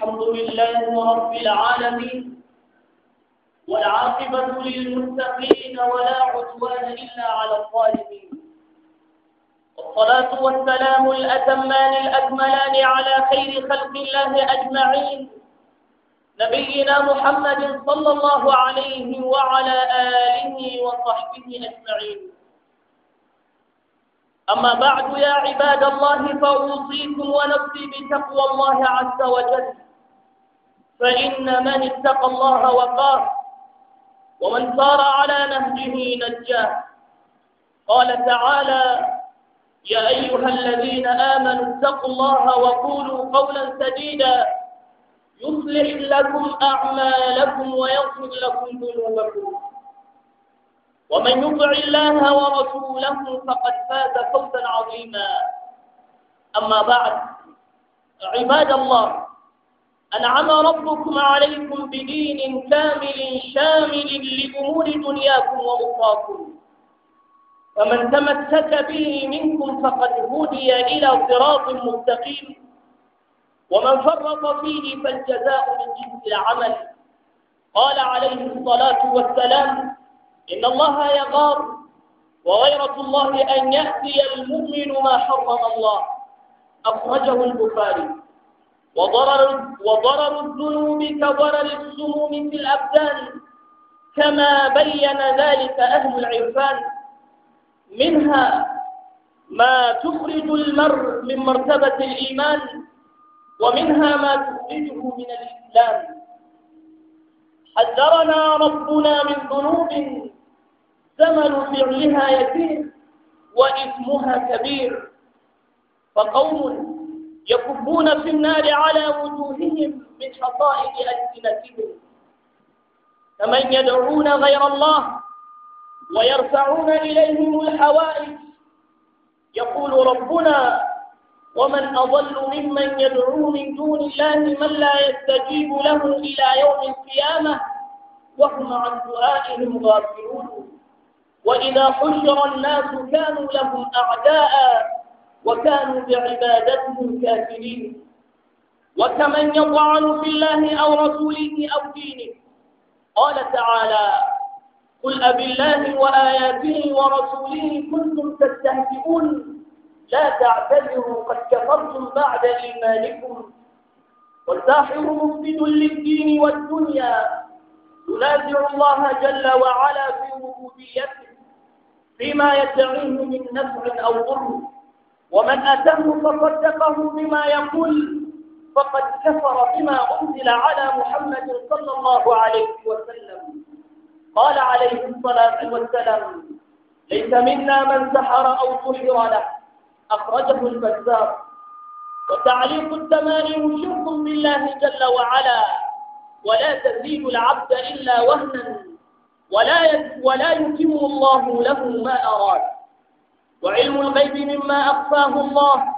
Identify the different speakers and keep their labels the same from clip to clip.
Speaker 1: الحمد لله رب العالمين والعاقبة للمتقين ولا عدوان إلا على الظالمين والصلاة والسلام الأتمان الأكملان على خير خلق الله أجمعين نبينا محمد صلى الله عليه وعلى آله وصحبه أجمعين أما بعد يا عباد الله فأوصيكم ونفسي بتقوى الله عز وجل فإن من اتقى الله وقاه ومن سار على نهجه نجاه قال تعالى يا أيها الذين آمنوا اتقوا الله وقولوا قولا سديدا يصلح لكم أعمالكم ويغفر لكم ذنوبكم ومن يطع الله ورسوله فقد فاز فوزا عظيما أما بعد عباد الله أنعم ربكم عليكم بدين كامل شامل لأمور دنياكم وأخراكم فمن تمسك به منكم فقد هدي إلى صراط مستقيم ومن فرط فيه فالجزاء من جنس العمل قال عليه الصلاة والسلام إن الله يغار وغيرة الله أن يأتي المؤمن ما حرم الله أخرجه البخاري وضرر, وضرر الذنوب كضرر السموم في الأبدان كما بين ذلك أهل العرفان منها ما تخرج المرء من مرتبة الإيمان ومنها ما تخرجه من الإسلام حذرنا ربنا من ذنوب ثمن فعلها يسير وإثمها كبير فقوم يكبون في النار على وجوههم من حصائد ألسنتهم كمن يدعون غير الله ويرفعون إليهم الحوائج يقول ربنا ومن أضل ممن يدعو من دون الله من لا يستجيب له إلى يوم القيامة وهم عن دعائهم غافلون وإذا حشر الناس كانوا لهم أعداءً وكانوا بعبادتهم كافرين وكمن يطعن في الله أو رسوله أو دينه قال تعالى قل أب الله وآياته ورسوله كنتم تستهزئون لا تعتذروا قد كفرتم بعد إيمانكم والساحر مفسد للدين والدنيا ينازع الله جل وعلا في ربوبيته فيما يدعيه من نفع أو ضر ومن أتاه فصدقه بما يقول فقد كفر بما أنزل على محمد صلى الله عليه وسلم قال عليه الصلاة والسلام ليس منا من سحر أو سحر له أخرجه البزار وتعليق التمارين شرك بالله جل وعلا ولا تزيد العبد إلا وهنا ولا ولا يتم الله له ما أراد وعلم الغيب مما أخفاه الله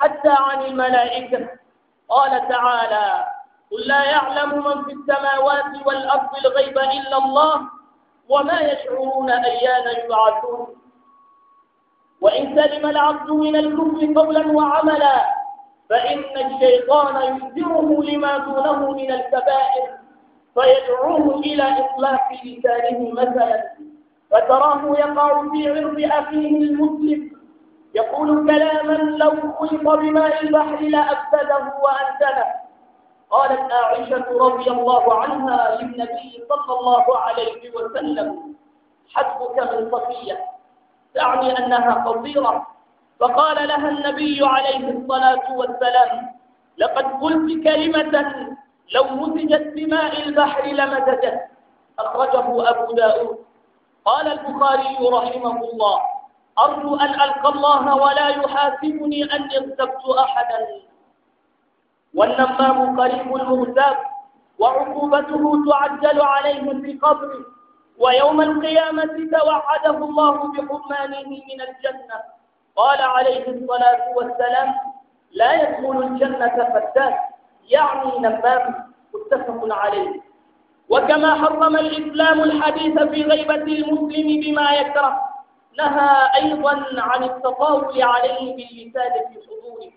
Speaker 1: حتى عن الملائكة قال تعالى قل لا يعلم من في السماوات والأرض الغيب إلا الله وما يشعرون أيان يبعثون وإن سلم العبد من الكفر قولا وعملا فإن الشيطان يجزره لما دونه من الكبائر فيدعوه إلى إطلاق لسانه مثلا وتراه يقع في عرض أخيه المسلم يقول كلاما لو خلط بماء البحر لأفسده وأنزله قالت عائشة رضي الله عنها للنبي صلى الله عليه وسلم حسبك من صفية تعني أنها قصيرة فقال لها النبي عليه الصلاة والسلام لقد قلت كلمة لو مزجت بماء البحر لمزجت أخرجه أبو داود قال البخاري رحمه الله أرجو أن ألقى الله ولا يحاسبني أن اغتبت أحدا والنمام قريب المغتاب وعقوبته تعجل عليه في قبره ويوم القيامة توعده الله بحرمانه من الجنة قال عليه الصلاة والسلام لا يدخل الجنة فتاة يعني نمام متفق عليه وكما حرم الإسلام الحديث في غيبة المسلم بما يكره نهى أيضا عن التطاول عليه باللسان في حضوره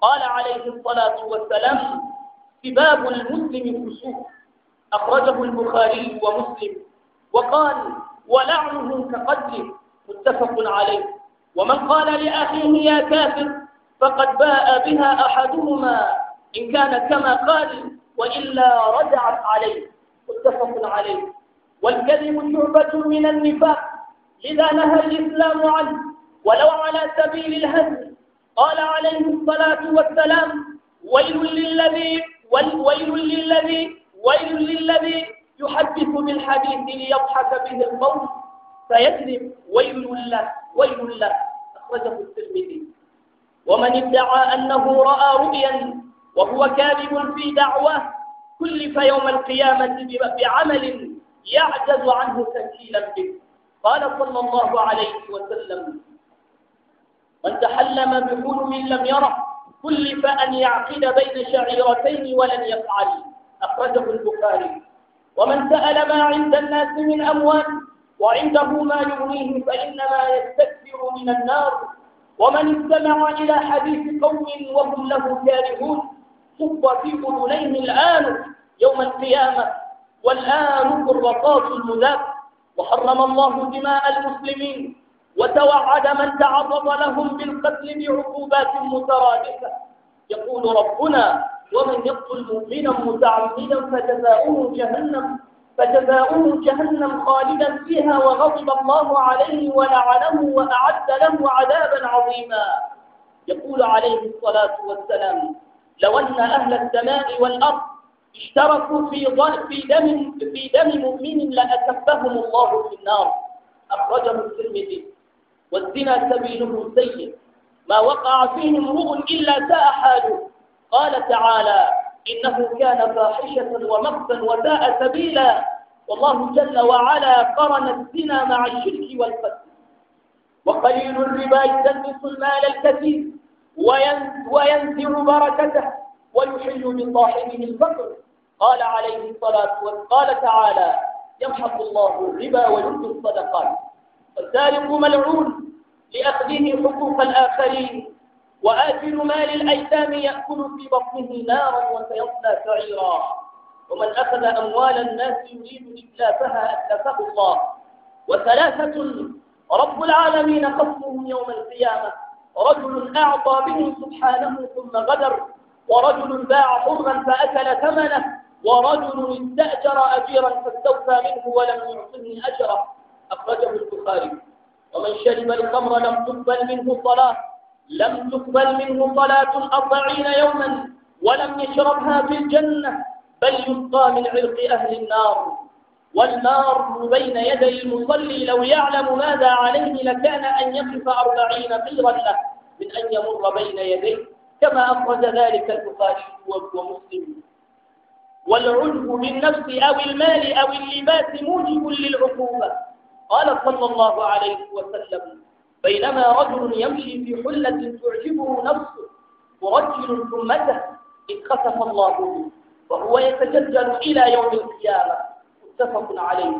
Speaker 1: قال عليه الصلاة والسلام سباب المسلم فسوق أخرجه البخاري ومسلم وقال ولعنه كقتله متفق عليه ومن قال لأخيه يا كافر فقد باء بها أحدهما إن كان كما قال وإلا رجعت عليه متفق عليه والكذب شعبة من النفاق لذا نهى الإسلام عنه ولو على سبيل الهزل قال عليه الصلاة والسلام ويل للذي ويل للذي ويل للذي يحدث بالحديث ليضحك به القوم فيكذب ويل له ويل له أخرجه الترمذي ومن ادعى أنه رأى رؤيا وهو كاذب في دعواه كلف يوم القيامة بعمل يعجز عنه تكيلا به قال صلى الله عليه وسلم من تحلم بحلم لم يره كلف أن يعقد بين شعيرتين ولن يفعل أخرجه البخاري ومن سأل ما عند الناس من أموال وعنده ما يغنيه فإنما يستكبر من النار ومن استمع إلى حديث قوم وهم له كارهون تبقى في أذنيه الآن يوم القيامة والآن الرقاص المذاب وحرم الله دماء المسلمين وتوعد من تعرض لهم بالقتل بعقوبات مترادفة يقول ربنا ومن يقتل مؤمنا متعمدا فجزاؤه جهنم فجزاؤه جهنم خالدا فيها وغضب الله عليه ولعنه وأعد له عذابا عظيما يقول عليه الصلاة والسلام لو أن أهل السماء والأرض اشتركوا في في دم في دم مؤمن لأكفهم الله في النار أخرجه الترمذي والزنا سبيله سيء ما وقع فيه امرؤ إلا ساء حاله قال تعالى إنه كان فاحشة ومقتا وساء سبيلا والله جل وعلا قرن الزنا مع الشرك والفتن وقليل الربا يدنس المال الكثير وينزع بركته ويحل من صاحبه الفقر قال عليه الصلاة والسلام تعالى يمحق الله الربا ويؤتي الصدقات والسارق ملعون لأخذه حقوق الآخرين وآكل مال الأيتام يأكل في بطنه نارا وسيصلى سعيرا ومن أخذ أموال الناس يريد إتلافها أتلفه الله وثلاثة رب العالمين خصمهم يوم القيامة رجل أعطى به سبحانه ثم غدر ورجل باع حرا فأكل ثمنه ورجل استأجر أجيرا فاستوفى منه ولم يعطه أجره أخرجه البخاري ومن شرب الخمر لم تقبل منه صلاة لم تقبل منه صلاة أربعين يوما ولم يشربها في الجنة بل يبقى من عرق أهل النار والمار بين يدي المصلي لو يعلم ماذا عليه لكان أن يقف أربعين خيرا له من أن يمر بين يديه كما أخرج ذلك البخاري ومسلم والعنف بالنفس أو المال أو اللباس موجب للعقوبة قال صلى الله عليه وسلم بينما رجل يمشي في حلة تعجبه نفسه ورجل ثمته إذ خسف الله به وهو يتججل إلى يوم القيامة متفق عليه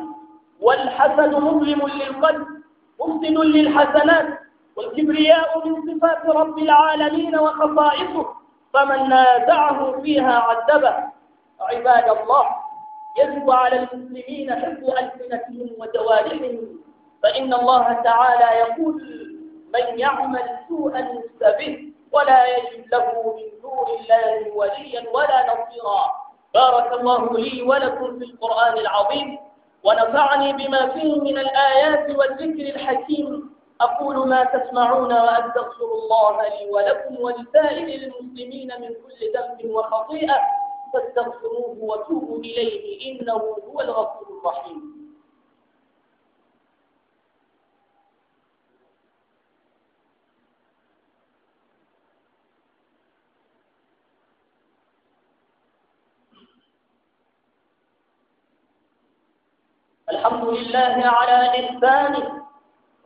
Speaker 1: والحسد مظلم للقلب مفسد للحسنات والكبرياء من صفات رب العالمين وخصائصه فمن نازعه فيها عذبه عباد الله يجب على المسلمين حفظ ألسنتهم وجوارحهم فإن الله تعالى يقول من يعمل سوءا يستبه ولا يجد له من دون الله وليا ولا نصيرا بارك الله لي ولكم في القرآن العظيم ونفعني بما فيه من الآيات والذكر الحكيم أقول ما تسمعون وأستغفر الله لي ولكم ولسائر المسلمين من كل ذنب وخطيئة فاستغفروه وتوبوا إليه إنه هو الغفور الرحيم الحمد لله على إحسانه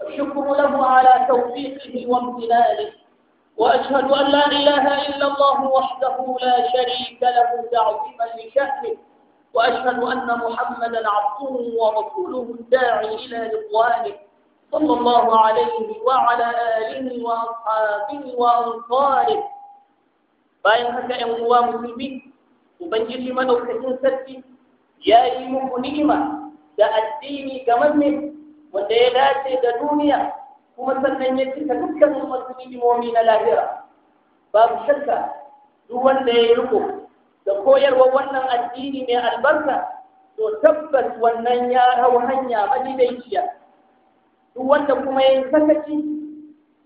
Speaker 1: والشكر له على توفيقه وامتنانه وأشهد أن لا إله إلا الله وحده لا شريك له تعظيما لشأنه وأشهد أن محمدا عبده ورسوله الداعي إلى رضوانه صلى الله عليه وعلى آله وأصحابه وأنصاره فإن haka ‘yan uwa musulmi من madaukakin sarki يا yi muku da addini ne wanda ya dace da duniya kuma sannan ya cika dukkanin wasu hidimomi na lahira babu shakka duk wanda ya yi riko da koyarwa wannan addini mai albarka to tabbas wannan ya hau hanya madaidaiciya duk wanda kuma ya yi sakaci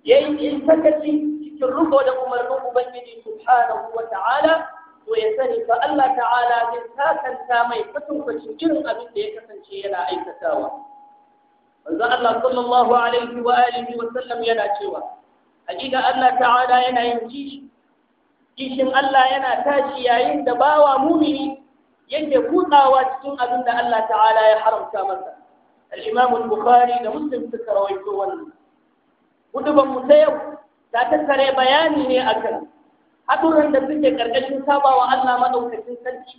Speaker 1: ya yi sakaci cikin riko da umarnin ubangiji subhanahu wa ta'ala to ya sani fa Allah ta'ala zai sakanta mai kwatankwacin irin abin da ya kasance yana aikatawa manzo Allah sallallahu alaihi wa alihi wa sallam yana cewa hakika Allah ta'ala yana yin kishi kishin Allah yana tashi yayin da bawa mumini yake kutsawa cikin abin da Allah ta'ala ya haramta masa al-Imam bukhari da Muslim suka rawaito wannan hudubar ta yau ta tattare bayani ne akan haduran da suke karkashin sabawa Allah maɗaukacin sarki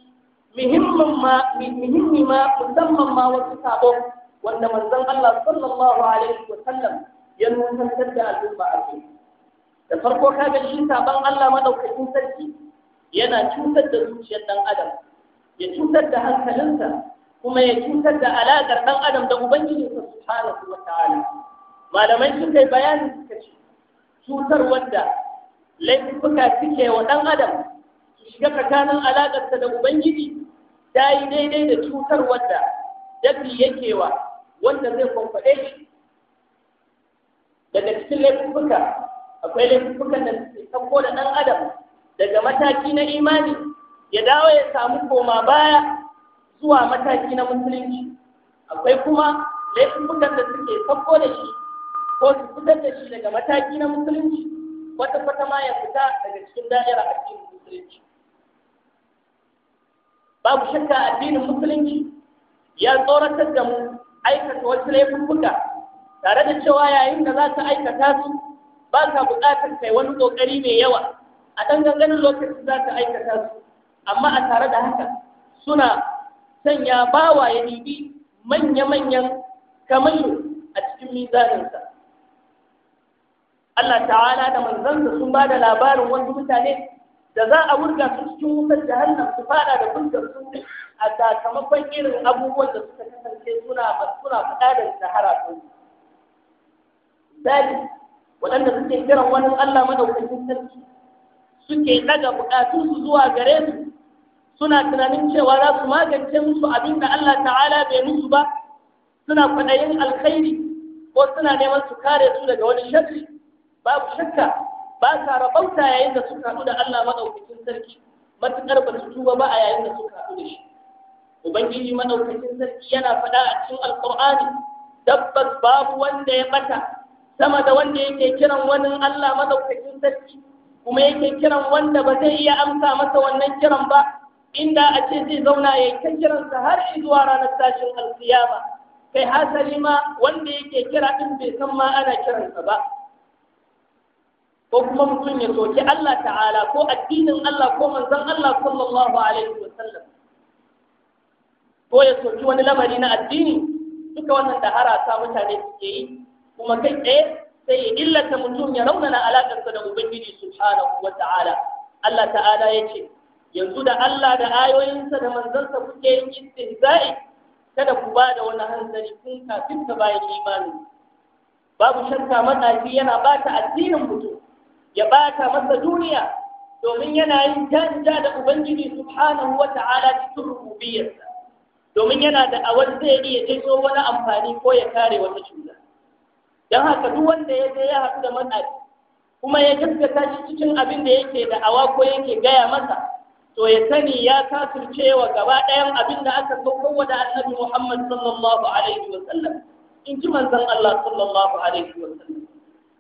Speaker 1: muhimmin ma muhimmi ma musamman ma wasu sabo wanda manzon Allah sallallahu alaihi wa sallam ya nusantar da al'umma a kai da farko kaga shi saban Allah maɗaukacin sarki yana cutar da zuciyar ɗan adam ya cutar da hankalinsa kuma ya cutar da alaƙar ɗan adam da ubangiji sa subhanahu wa ta'ala malamai sun kai bayani suka ce cutar wanda laifuka suke wa ɗan adam su shiga tsakanin alaƙarsa da ubangiji ta yi daidai da cutar wanda dafi yake wa wanda zai kwamfaɗe shi daga cikin laifuka akwai laifukan da suke sauko da ɗan adam daga mataki na imani ya dawo ya samu koma baya zuwa mataki na musulunci akwai kuma laifukan da suke sauko da shi ko su fitar da shi daga mataki na musulunci Wata fatama ma ya fita daga cikin da'ira addinin musulunci babu shakka addinin musulunci ya tsoratar da mu aikata wasu laifuka tare da cewa yayin da za ta aikata su ba ka buƙatar kai wani ƙoƙari mai yawa a ɗan ganganin lokaci za ta aikata su amma a tare da haka suna sanya bawa ya nibi manya-manyan kamayo a cikin mizaninsa Allah ta'ala da manzansa sun ba da labarin wasu mutane da za a wurga su cikin wutar jahannam su fada da fuskar su a sakamakon irin abubuwan da suka kasance suna suna fada da sahara sun misali waɗanda suke kiran wani Allah madaukakin sarki suke daga buƙatunsu zuwa gare su suna tunanin cewa za su magance musu abin da Allah ta'ala bai musu ba suna kwaɗayin alkhairi ko suna neman su kare su daga wani sharri babu shakka ba sa rabauta yayin da suka haɗu da Allah maɗaukakin sarki matuƙar ba su tuba ba a yayin da suka haɗu da shi ubangiji maɗaukakin sarki yana faɗa a cikin alƙur'ani tabbas babu wanda ya ɓata sama da wanda yake kiran wani Allah maɗaukakin sarki kuma yake kiran wanda ba zai iya amsa masa wannan kiran ba inda a ce zai zauna ya kan kiransa har zuwa ranar tashin alkiyama kai hasali ma wanda yake kira din bai san ma ana kiransa ba ko kuma mutum ya soki Allah ta'ala ko addinin Allah ko manzon Allah sallallahu alaihi wa sallam ko ya soki wani lamari na addini duka wannan da harasa mutane suke yi kuma kai tsaye sai ya illata mutum ya rauna na alaƙarsa da ubangiji subhanahu wa ta'ala Allah ta'ala ya ce yanzu da Allah da ayoyinsa da manzansa kuke yin istihza'i kada ku ba da wani hanzari kun kafin ka bayan imani babu shakka matsafi yana ba ta addinin mutum ya bata masa duniya domin yana yin janja da ubangiji subhanahu wa ta'ala cikin rububiyarsa domin yana da awar zai iya jaso wani amfani ko ya kare wata cuta don haka duk wanda ya je ya haɗu da matsaci kuma ya gaskata shi cikin abin da yake da awa ko yake gaya masa to ya sani ya kafircewa gaba ɗayan abin da aka saukowa da annabi Muhammad sallallahu alaihi wa sallam in ji manzon Allah sallallahu alaihi wa sallam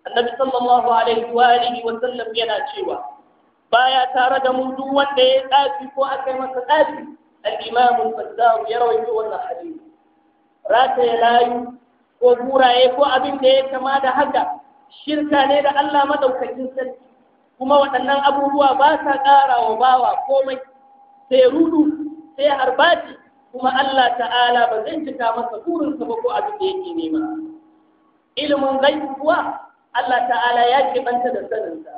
Speaker 1: annabi sallallahu alaihi wa alihi wa sallam yana cewa baya tare da mu duk wanda ya tsafi ko aka yi masa tsafi al-imam al-fazzar ya rawaito wannan hadisi
Speaker 2: rata ya layu
Speaker 1: ko buraye ko abin da ya kama da haka shirka ne da Allah madaukakin sarki kuma waɗannan abubuwa ba sa ƙara wa bawa komai sai rudu sai harbati kuma Allah ta'ala ba zai cika masa burinsa ba ko abin da yake nema ilimin gaibu kuwa Allah ta'ala ya keɓanta da saninsa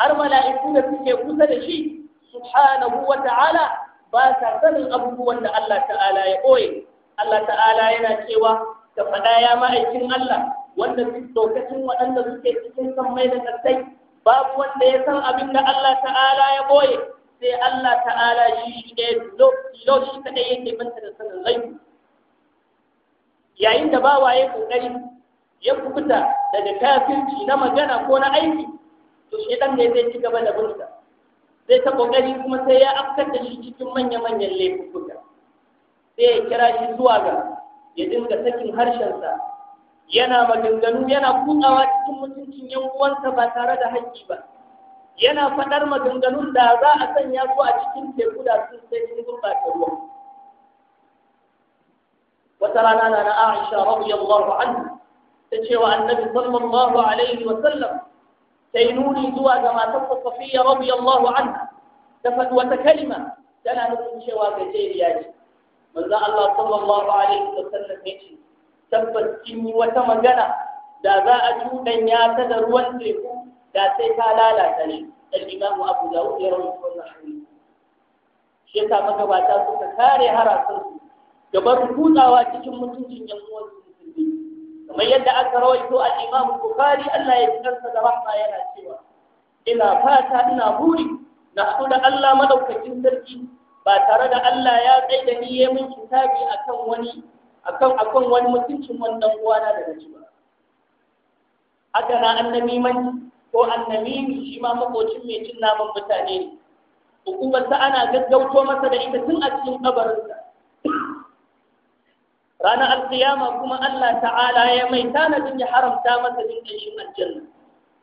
Speaker 1: har mala'iku da suke kusa da shi subhanahu wa ta'ala ba sa sanin abubuwan da Allah ta'ala ya ɓoye Allah ta'ala yana cewa ka faɗa ya ma'aikin Allah wanda lokacin waɗanda suke cikin san mai da kasai babu wanda ya san abin da Allah ta'ala ya ɓoye sai Allah ta'ala shi shi ɗaya tilo shi kaɗai yake manta da sanin rai yayin da bawa ya ƙoƙari ya kubuta daga kafirci na magana ko na aiki to dan ne zai ci gaba da bunsa zai ta kokari kuma sai ya afkar da shi cikin manya-manyan laifuka sai ya kira shi zuwa ga ya dinga sakin harshensa yana maganganu yana kutsawa cikin mutuncin yan uwansa ba tare da haƙƙi ba yana faɗar maganganun da za a sanya su a cikin teku da sun sai sun gurɓata ruwa wata rana na Aisha radiyallahu anha ta cewa annabi sallallahu alaihi wa sallam ta yi nuni zuwa ga matar safiya radiyallahu anha ta faɗi wata kalima tana nufin cewa gajeriya ce manzo Allah sallallahu alaihi wa sallam ya ce tabbas kin yi wata magana da za a ya ta da ruwan teku da sai ta lalata ne al-imamu abu dawud ya rawaito wannan hadisi shi yasa magabata suka kare harasansu da barin kutsawa cikin mutuncin yan uwansu musulmi kamar yadda aka rawaito a Imam bukari Allah ya fi kansa da rahma yana cewa ina fata ina buri na haɗu da Allah madaukakin sarki ba tare da Allah ya tsaye da ni yayin kitabi akan wani akan akan wani mutuncin wannan uwana da naji ba haka na annabi man ko annabi shi ma makocin mai cin naman mutane ne hukumar sa ana gaggauto masa da ita tun a cikin kabarinsa ranar alƙiyama kuma Allah ta'ala ya mai tanadin ya haramta masa jin ƙanshin aljanna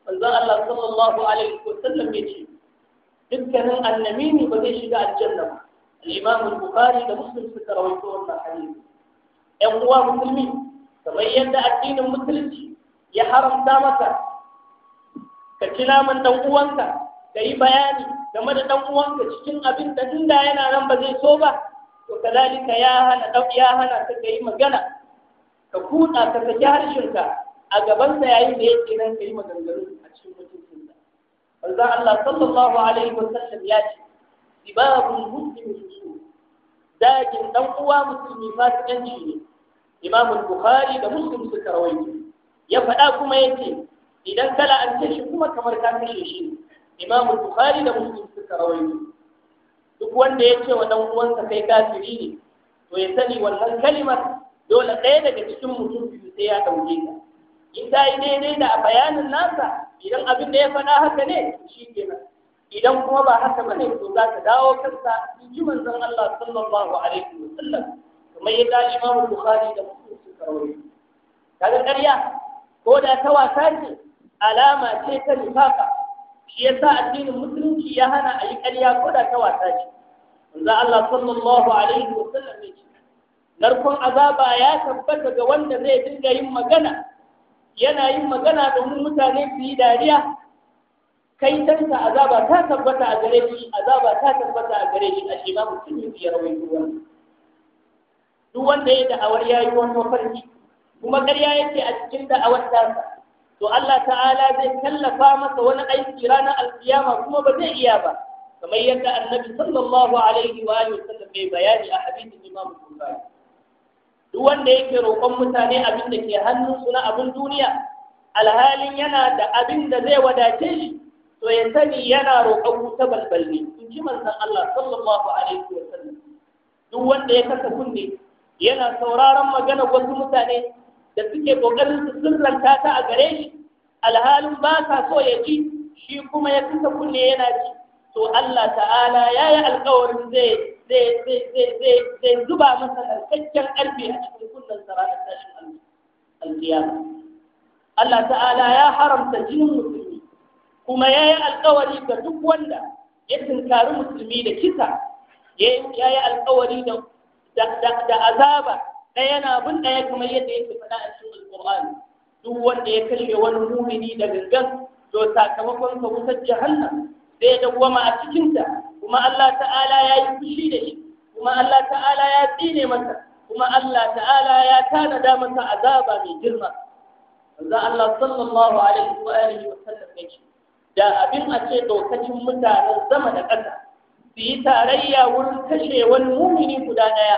Speaker 1: manzon Allah sallallahu alaihi wa wasallam ya ce dukkanin ne ba zai shiga aljanna ba al-imam al-bukhari da muslim suka rawaito wannan hadisi ƴan uwa musulmi kamar yadda addinin musulunci ya haramta maka ka ci naman dan uwanka ka yi bayani game da dan uwanka cikin abin da tunda yana nan ba zai so ba to kadalika ya hana dau ya hana ka kai magana ka kuda ka saki harshenka a gabansa yayin da yake nan kai maganganu a cikin mutuncin sa manzon Allah sallallahu alaihi wasallam ya ce sibabul muslim fusu dagin dan uwa musulmi fasikanci ne Imam Bukhari da Muslim suka rawaito ya faɗa kuma yace idan kala an ce shi kuma kamar ka kashe shi Imam Bukhari da Muslim suka rawaito duk wanda ya ce wa ɗan uwansa kai kafiri ne to ya sani wannan kalimar dole ɗaya daga cikin mutum biyu sai ya ɗauke ta in ta yi daidai da bayanin nasa idan abin da ya faɗa haka ne shi kenan idan kuma ba haka ba ne to za ka dawo kansa in ji manzon Allah sallallahu alaihi wa sallam kamar yadda Imam Bukhari da Muslim suka rawaito kaga ƙarya ko da ta wasa ce alama ce ta nifaka shi yasa addinin musulunci ya hana a yi ƙarya ko da ta wasa ce za Allah sallallahu alaihi wa sallam ne ce narkon azaba ya tabbata ga wanda zai dinga yin magana yana yin magana domin mutane su yi dariya kai tanta azaba ta tabbata a gare shi azaba ta tabbata a gare shi a shi ma mutum ya rawaito wannan duk wanda ya da'awar ya yi wani mafarki kuma ƙarya yake a cikin da'awar tasa to Allah ta'ala zai tallafa masa wani aiki ranar alfiyama kuma ba zai iya ba kamar yadda annabi sallallahu alaihi wa alihi wasallam bai bayani a hadisin Imam Bukhari duk wanda yake roƙon mutane abin da ke hannunsu na abin duniya alhalin yana da abin da zai wadace shi to ya sani yana roƙon wuta balbal ne in ji manzon Allah sallallahu alaihi sallam. duk wanda ya kasa kunne yana sauraron maganar wasu mutane da suke kokarin su sirranta ta a gare shi alhalin ba sa so ya ji shi kuma ya kasa kunne yana ji to Allah ta'ala ya yi alkawarin zai zai zuba masa karkakken ƙarfi a cikin kunnen ranar tashin alkiyama Allah ta'ala ya haramta jinin musulmi kuma ya yi alkawari ga duk wanda ya tunkari musulmi da kisa ya yi alkawari da azaba ɗaya na bin ɗaya kamar yadda yake faɗa a cikin alƙur'ani duk wanda ya kashe wani mumini da gangan to sakamakon ka wutar jahannam zai dawwama a cikinta kuma Allah ta'ala ya yi fushi da shi kuma Allah ta'ala ya tsine masa kuma Allah ta'ala ya tanada masa azaba mai girma manzo Allah sallallahu alaihi wa alihi wa sallam yake da abin a ce daukacin mutanen sama da ƙasa su yi tarayya wurin kashe wani mumini guda ɗaya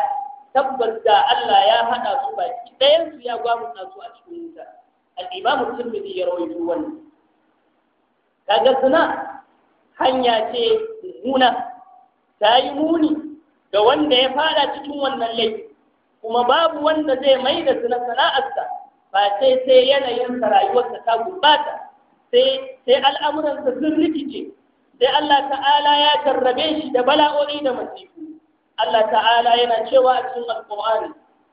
Speaker 1: tabbas da Allah ya hada su baki ɗayan su ya gwamnata su a cikin wuta al-imam tirmidhi ya rawaito wannan kaga suna hanya ce muna ta yi muni ga wanda ya fada cikin wannan laifi kuma babu wanda zai mai da suna sana'arsa ba sai sai yanayin rayuwarsa ta gurbata sai al'amuransa sun rikice sai Allah ta'ala ya jarrabe shi da bala'o'i da masifu Allah ta'ala yana cewa a cikin alƙur'ani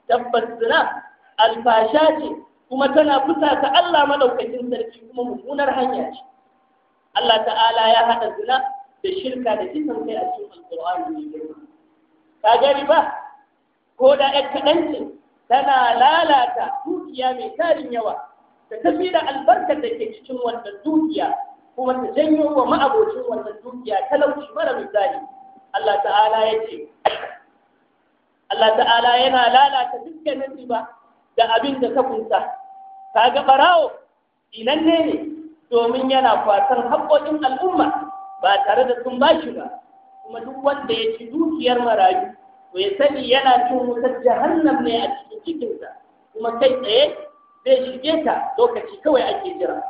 Speaker 1: tabbas zina alfasha ce kuma tana fita ta Allah madaukakin sarki kuma mummunar hanya ce Allah ta'ala ya haɗa zina da shirka da kisan kai a cikin alƙur'ani ne ka gani ba ko da ƴan kaɗan ce tana lalata dukiya mai tarin yawa ta tafi da albarkar da ke cikin wannan dukiya kuma ta janyo wa ma'abocin wannan dukiya talauci mara misali Allah ta'ala ya ce
Speaker 2: Allah ta'ala yana
Speaker 1: lalata dukkanin riba da abin da ta kunsa kaga barawo inan ne ne domin yana kwatar haƙoƙin al'umma ba tare da sun bashi ba kuma duk wanda ya ci dukiyar marayu to ya sani yana cin wutar jahannam ne a cikin cikinsa kuma kai tsaye zai shige ta lokaci kawai ake jira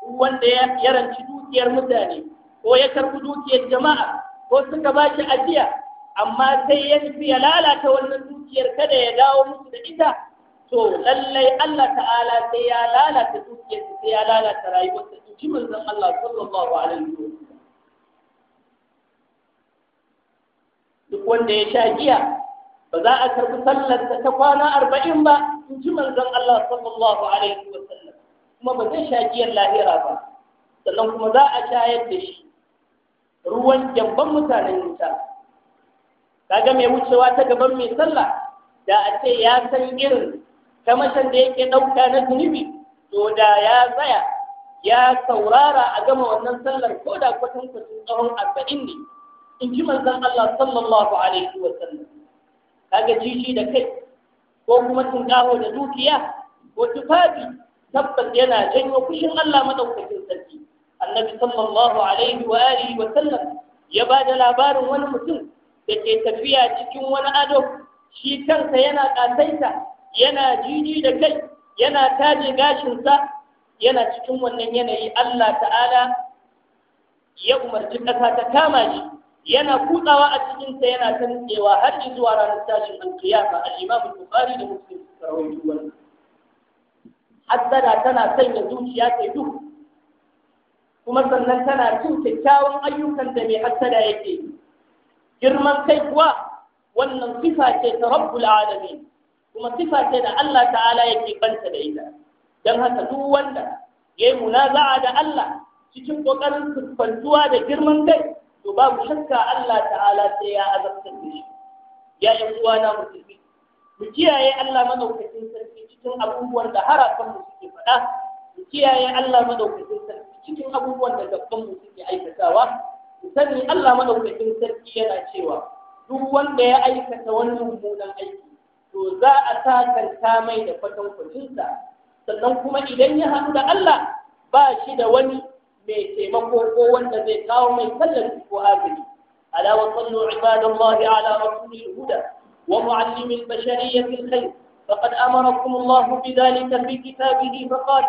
Speaker 1: duk wanda ya ranci dukiyar mutane ko ya karɓi dukiyar jama'a ko suka ba shi ajiya amma sai ya tafi ya lalata wannan dukiyar kada ya dawo musu da ita to lallai Allah ta'ala sai ya lalata dukiyar sai ya lalata rayuwarsa in ji manzon Allah sallallahu alaihi wasallam duk wanda ya sha giya ba za a karbi sallar ta kwana arba'in ba in ji manzon Allah sallallahu alaihi wa sallam kuma ba zai sha giyar lahira ba sannan kuma za a shayar da shi ruwan jamban mutanen wuta kaga mai wucewa ta gaban mai sallah da a ce ya san irin kamashin da yake ɗauka na zunubi to da ya tsaya ya saurara a gama wannan sallar ko da kwatan kwatan tsawon arba'in ne in ji manzon Allah sallallahu alaihi wa sallam kaga jishi da kai ko kuma tunkaho da dukiya ko tufafi tabbas yana janyo kushin Allah madaukakin sarki annabi sallallahu alaihi wa alihi wa sallam ya ba da labarin wani mutum da ke tafiya cikin wani ado shi kansa yana ƙasaita yana jiji da kai yana taje gashinsa yana cikin wannan yanayi Allah ta'ala ya umarci ƙasa ta kama shi yana kutsawa a cikinsa yana tantsewa har zuwa ranar tashin alkiyama al-imam bukhari da muslim rawaito wannan haddana tana sanya zuciya ta duhu kuma sannan tana cin kyakkyawan ayyukan da mai hasada yake girman kai kuwa wannan sifa ce ta rabbul alamin kuma sifa ce da Allah ta'ala yake banta da ita dan haka duk wanda yayi munaza'a da Allah cikin kokarin siffantuwa da girman kai to babu shakka Allah ta'ala sai ya azabta da shi ya yi uwana musulmi mu kiyaye Allah madaukakin sarki cikin abubuwan da harafan mu suke faɗa mu kiyaye Allah madaukakin sarki cikin abubuwan da gaban mu suke aikatawa sani Allah madaukakin sarki yana cewa duk wanda ya aikata wani mummunan aiki to za a sakanta mai da kwatankwacinsa sannan kuma idan ya haɗu da Allah ba shi da wani mai taimako ko wanda zai kawo mai tallafi ko agaji ala wa sallu ibadallahi ala rasulil huda wa muallimil bashariyati alkhair faqad amarakum bidhalika fi kitabihi faqala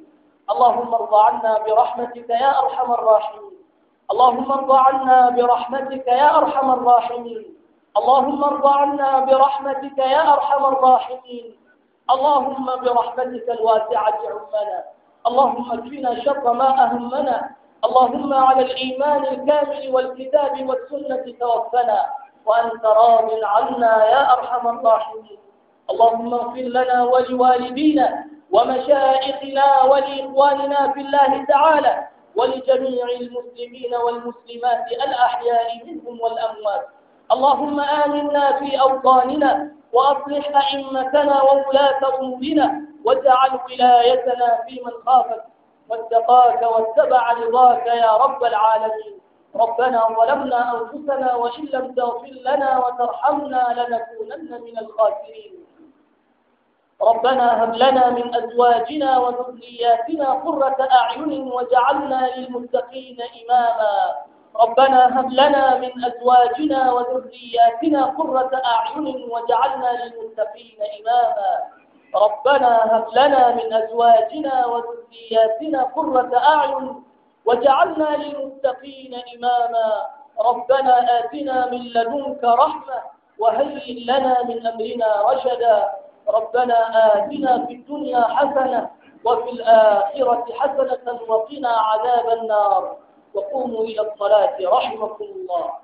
Speaker 1: اللهم ارض عنا برحمتك يا أرحم الراحمين اللهم ارض عنا برحمتك يا أرحم الراحمين اللهم ارض عنا برحمتك يا أرحم الراحمين اللهم برحمتك الواسعة عمنا اللهم اكفنا شر ما أهمنا اللهم على الإيمان الكامل والكتاب والسنة توفنا وأنت راض عنا يا أرحم الراحمين اللهم اغفر لنا ولوالدينا ومشائخنا ولإخواننا في الله تعالى ولجميع المسلمين والمسلمات الأحياء منهم والأموات اللهم آمنا في أوطاننا وأصلح أئمتنا وولاة أمورنا واجعل ولايتنا في من خافك واتقاك واتبع رضاك يا رب العالمين ربنا ظلمنا أنفسنا وإن لم تغفر لنا وترحمنا لنكونن من الخاسرين ربنا هب لنا من أزواجنا وذرياتنا قرة أعين وجعلنا للمتقين إماما ربنا هب لنا من أزواجنا وذرياتنا قرة أعين وجعلنا للمتقين إماما ربنا هب لنا من أزواجنا وذرياتنا قرة أعين وجعلنا للمتقين إماما ربنا آتنا من لدنك رحمة وهيئ لنا من أمرنا رشدا ربنا آتنا في الدنيا حسنة وفي الآخرة حسنة وقنا عذاب النار وقوموا إلى الصلاة رحمكم الله